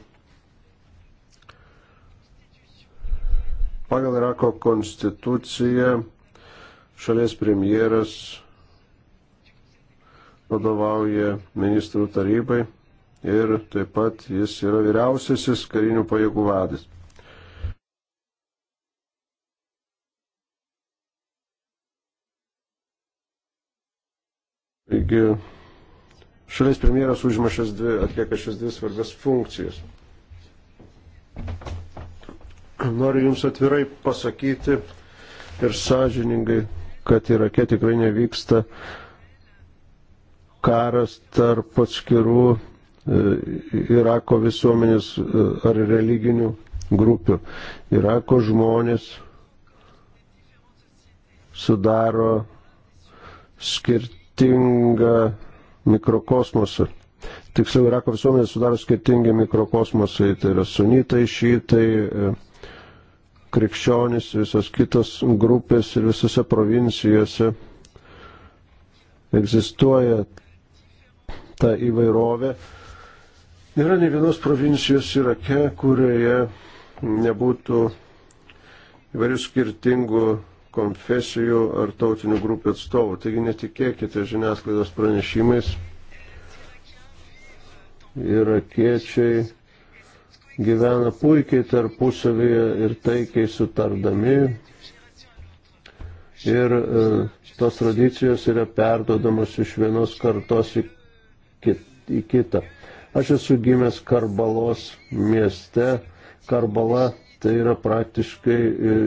Pagal Irako konstituciją šalies premjeras vadovauja ministrų tarybai ir taip pat jis yra vyriausiasis karinių pajėgų vadas. Taigi šalies premjeras užima šias dvi, atlieka šias dvi svarbias funkcijas. Noriu Jums atvirai pasakyti ir sąžiningai, kad Irake tikrai nevyksta karas tarp atskirų e, Irako visuomenės e, ar religinių grupių. Irako žmonės sudaro skirtingą mikrokosmosą. Tiksliau, Irako visuomenė sudaro skirtingi mikrokosmosai, tai yra sunitai, šytai, e, krikščionys, visos kitos grupės ir visose provincijose egzistuoja ta įvairovė. Nėra ne vienos provincijos Irake, kurioje nebūtų įvairių skirtingų konfesijų ar tautinių grupių atstovų. Taigi netikėkite žiniasklaidos pranešimais. Irakiečiai gyvena puikiai tarpusavyje ir taikiai sutardami. Ir e, tos tradicijos yra perdodamos iš vienos kartos į, kit, į kitą. Aš esu gimęs Karbalos mieste. Karbala tai yra praktiškai e,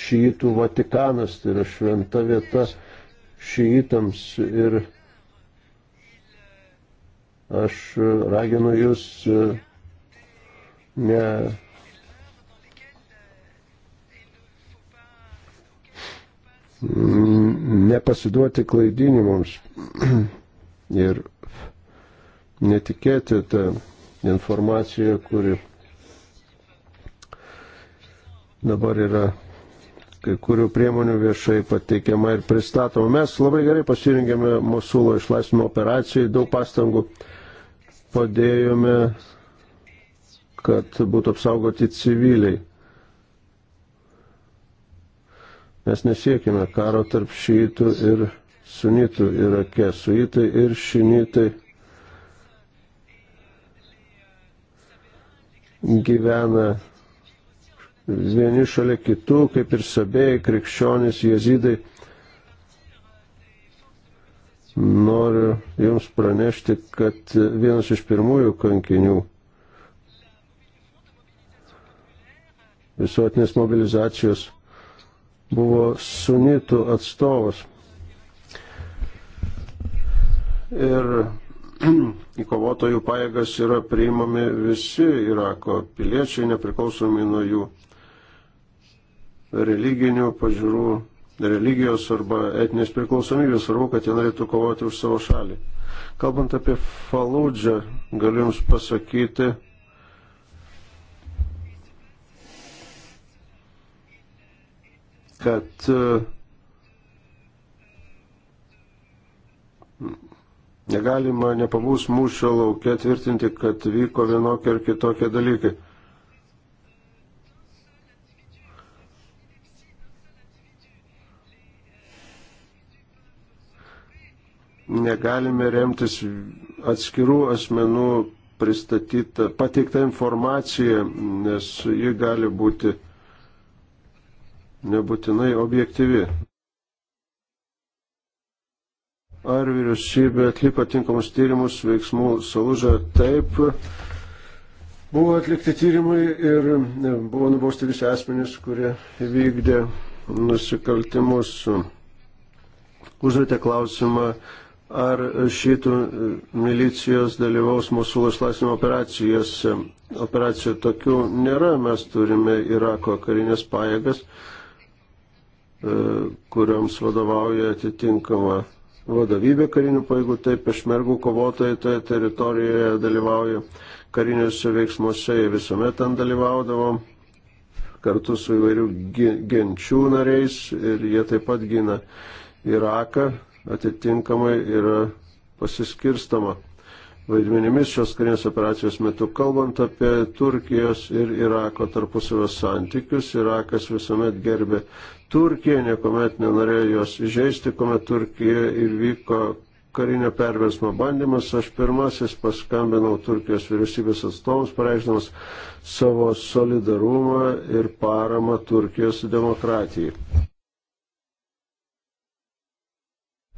šytų Vatikanas, tai yra šventa vieta šytams. Ir aš e, raginu jūs e, ne nepasiduoti klaidinimams (clears throat) ir netikėti tą informaciją, kuri dabar yra kai kurių priemonių viešai pateikiama ir pristatoma. Mes labai gerai pasirinkėme Mosulo išlaisvimo operacijai, daug pastangų padėjome kad būtų apsaugoti civiliai. Mes nesiekime karo tarp šytų ir sunitų Irake, suitai ir šinitai gyvena vieni šalia kitų, kaip ir sabėjai, krikščionys, jezidai. Noriu Jums pranešti, kad vienas iš pirmųjų kankinių visuotinės mobilizacijos buvo sunitų atstovas. Ir (clears throat) į kovotojų pajėgas yra priimami visi Irako piliečiai, nepriklausomai nuo jų religinių pažiūrų, religijos arba etinės priklausomybės, svarbu, kad jie norėtų kovoti už savo šalį. Kalbant apie Faludžą, galiu Jums pasakyti, kad e, negalima nepabūs mūšio laukia tvirtinti, kad vyko vienokie ar kitokie dalykai. Negalime remtis atskirų asmenų pristatyta, pateikta informacija, nes ji gali būti nebūtinai objektyvi. Ar vyriausybė atliko tinkamus tyrimus veiksmų salužą? Taip. Buvo atlikti tyrimai ir buvo nubausti visi asmenys, kurie vykdė nusikaltimus. Užduotė klausimą, ar šitų milicijos dalyvaus mūsų laisvimo operacijose. Operacijų tokių nėra, mes turime Irako karinės pajėgas E, kuriams vadovauja atitinkama vadovybė karinių paėgų, taip pešmergų kovotojai toje teritorijoje dalyvauja kariniuose veiksmuose, jie visuomet ten dalyvaudavom kartu su įvairių genčių nariais ir jie taip pat gina Iraką, atitinkamai yra pasiskirstama vaidmenimis šios karinės operacijos metu. Kalbant apie Turkijos ir Irako tarpusavio santykius, Irakas visuomet gerbė Turkiją, niekuomet nenorėjo jos įžeisti, kuomet Turkija įvyko karinio perversmo bandymas. Aš pirmasis paskambinau Turkijos vyriausybės atstovams, pareikšdamas savo solidarumą ir paramą Turkijos demokratijai.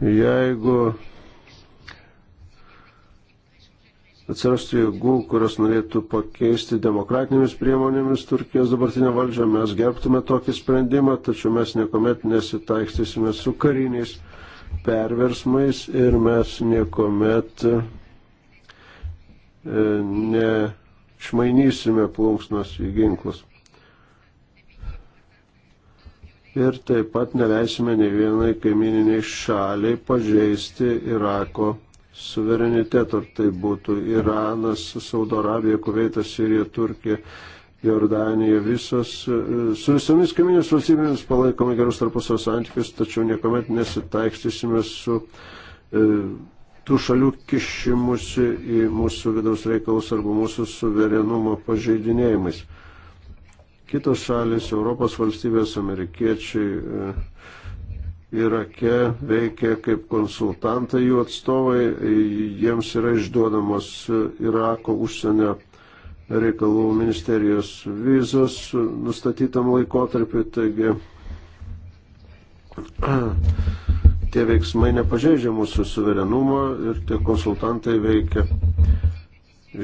Jeigu atsirastų jėgų, kurios norėtų pakeisti demokratinėmis priemonėmis Turkijos dabartinę valdžią, mes gerbtume tokį sprendimą, tačiau mes niekuomet nesitaikstysime su kariniais perversmais ir mes niekuomet e, nešmainysime plunksnos į ginklus. Ir taip pat neleisime ne vienai kaimininiai šaliai pažeisti Irako suvereniteto, ar tai būtų Iranas, Saudo Arabija, Kuveitas, Sirija, Turkija, Jordanija, visos, e, su visomis kaiminės valstybėmis palaikome gerus tarpusio santykius, tačiau niekuomet nesitaikstysime su e, tų šalių kišimusi į mūsų vidaus reikalus arba mūsų suverenumo pažeidinėjimais. Kitos šalis, Europos valstybės, amerikiečiai, e, Irake veikia kaip konsultantai jų atstovai, jiems yra išduodamos Irako užsienio reikalų ministerijos vizos nustatytam laikotarpiu, taigi (clears throat) tie veiksmai nepažeidžia mūsų suverenumo ir tie konsultantai veikia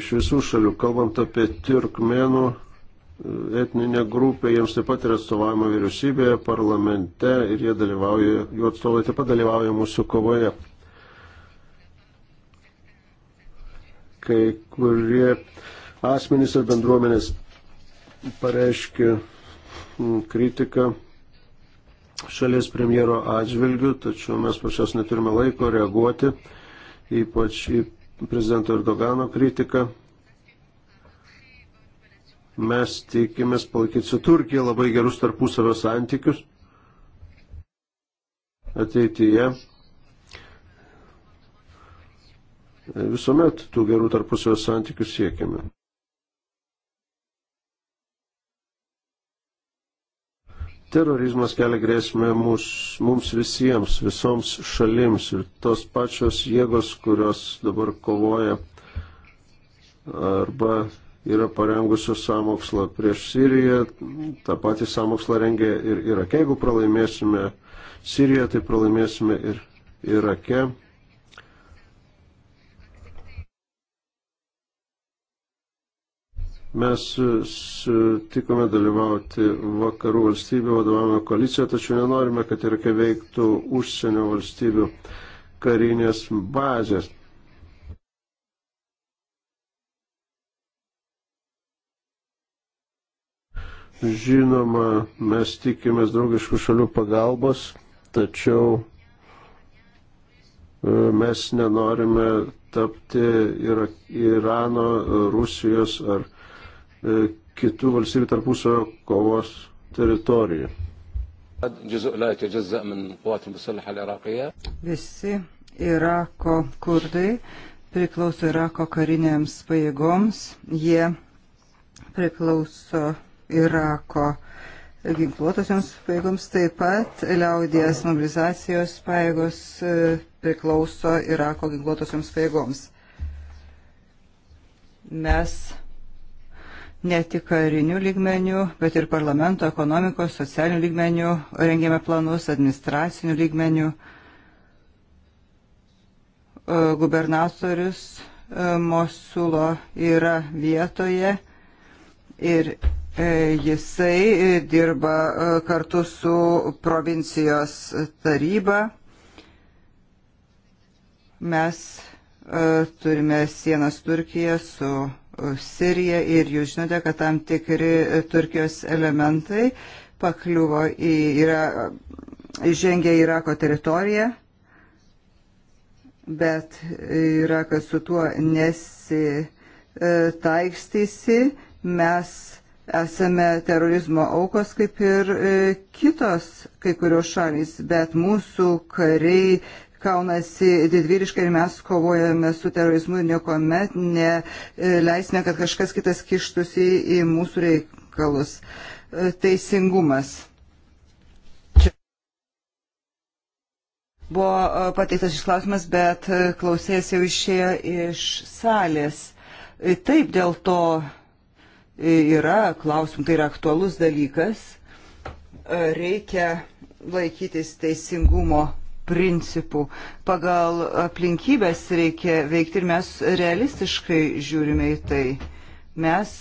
iš visų šalių. Kalbant apie Turkmenų etninė grupė, jiems taip pat yra atstovavimo vyriausybėje, parlamente ir jie dalyvauja, jų atstovai taip pat dalyvauja mūsų kovoje. Kai kurie asmenys ir bendruomenės pareiškia mm, kritiką šalies premjero atžvilgių, tačiau mes pačios neturime laiko reaguoti, ypač į prezidento Erdogano kritiką, Mes tikimės palaikyti su Turkija labai gerus tarpusavio santykius ateityje. Visuomet tų gerų tarpusavio santykių siekime. Terorizmas kelia grėsmę mus, mums visiems, visoms šalims ir tos pačios jėgos, kurios dabar kovoja arba yra parengusios samokslą prieš Siriją, tą patį samokslą rengia ir Irake. Jeigu pralaimėsime Siriją, tai pralaimėsime ir Irake. Mes e, sutikome dalyvauti vakarų valstybių vadovavimo koalicijoje, tačiau nenorime, kad Irake veiktų užsienio valstybių karinės bazės. Žinoma, mes tikimės draugiškų šalių pagalbos, tačiau e, mes nenorime tapti ir Irano, Rusijos ar e, kitų valstybių tarpusio kovos teritoriją. Visi Irako kurdai priklauso Irako karinėms pajėgoms, jie priklauso Irako ginkluotosioms pajėgoms. Taip pat liaudies mobilizacijos pajėgos e, priklauso Irako ginkluotosioms pajėgoms. Mes ne tik karinių lygmenių, bet ir parlamento, ekonomikos, socialinių lygmenių rengėme planus, administracinių lygmenių. E, gubernatorius e, Mosulo yra vietoje ir E, jisai e, dirba e, kartu su provincijos taryba. Mes turime sieną su Turkija, su Sirija ir jūs žinote, kad tam tikri Turkijos elementai pakliuvo į, yra, įžengė į Irako teritoriją, bet Irakas su tuo nesitaikstysi. Mes esame terorizmo aukos kaip ir e, kitos kai kurios šalys, bet mūsų kariai kaunasi didvyriškai ir mes kovojame su terorizmu ir niekuomet neleisime, e, kad kažkas kitas kištusi į mūsų reikalus. E, teisingumas. Čia buvo pateiktas šis klausimas, bet klausėjas jau išėjo iš salės. Taip, dėl to yra klausimų, tai yra aktualus dalykas. E, reikia laikytis teisingumo principų. Pagal aplinkybės reikia veikti ir mes realistiškai žiūrime į tai. Mes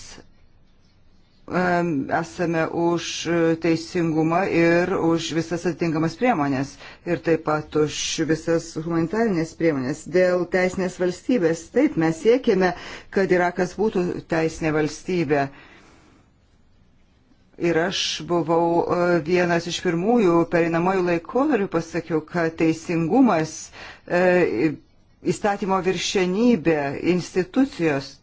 esame už teisingumą ir už visas atitinkamas priemonės ir taip pat už visas humanitarinės priemonės. Dėl teisinės valstybės, taip, mes siekime, kad Irakas būtų teisinė valstybė. Ir aš buvau e, vienas iš pirmųjų pereinamojų laikotarpių, pasakiau, kad teisingumas, e, įstatymo viršenybė, institucijos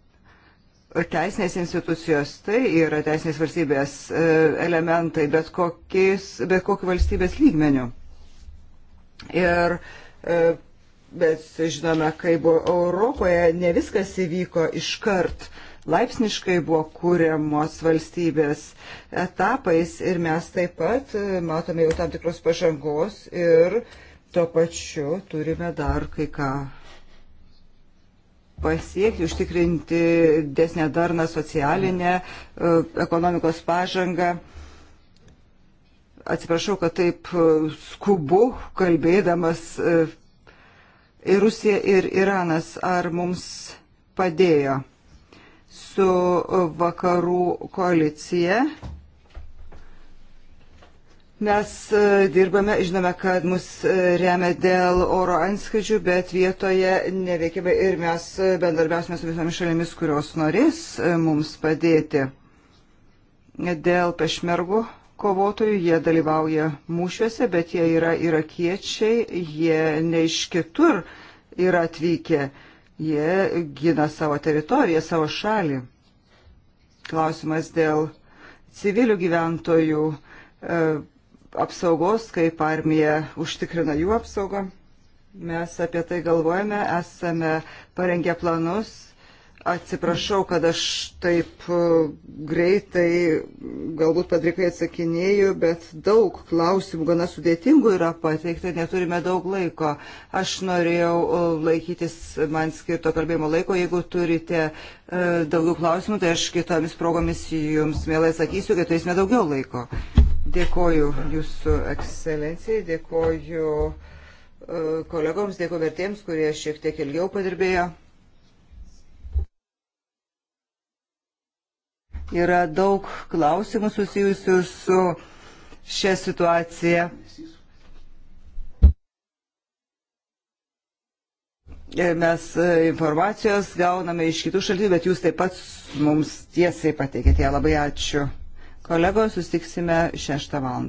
teisinės institucijos, tai yra teisinės valstybės e, elementai, bet, kokiais, bet kokiu valstybės lygmeniu. Ir e, bet žinome, kai buvo Europoje, ne viskas įvyko iškart. Laipsniškai buvo kūriamos valstybės etapais ir mes taip pat e, matome jau tam tikros pažangos ir tuo pačiu turime dar kai ką pasiekti, užtikrinti desnę darną socialinę, e, ekonomikos pažangą. Atsiprašau, kad taip e, skubu kalbėdamas e, ir Rusija, ir Iranas, ar mums padėjo su vakarų koalicija Mes e, dirbame, žinome, kad mus e, remia dėl oro antskridžių, bet vietoje neveikiame ir mes e, bendarbiausime su visomis šalimis, kurios norės mums padėti. Dėl pešmergų kovotojų jie dalyvauja mūšiuose, bet jie yra irakiečiai, jie ne iš kitur yra atvykę, jie gina savo teritoriją, savo šalį. Klausimas dėl civilių gyventojų apsaugos, kaip armija užtikrina jų apsaugą. Mes apie tai galvojame, esame parengę planus. Atsiprašau, kad aš taip e, greitai galbūt padrikai atsakinėjau, bet daug klausimų gana sudėtingų yra pateikta, neturime daug laiko. Aš norėjau e, laikytis man skirto kalbėjimo laiko. Jeigu turite e, daugiau klausimų, tai aš kitomis progomis jums mielai sakysiu, kad turėsime daugiau laiko. Dėkoju Jūsų ekscelencijai, dėkoju e, kolegoms, dėkoju vertėms, kurie šiek tiek ilgiau padirbėjo. Yra daug klausimų susijusių su šią situaciją. E, mes e, informacijos gauname iš kitų šaltinių, bet jūs taip pat mums tiesiai pateikėte. Labai ačiū. Kolegos, sustiksime 6 val.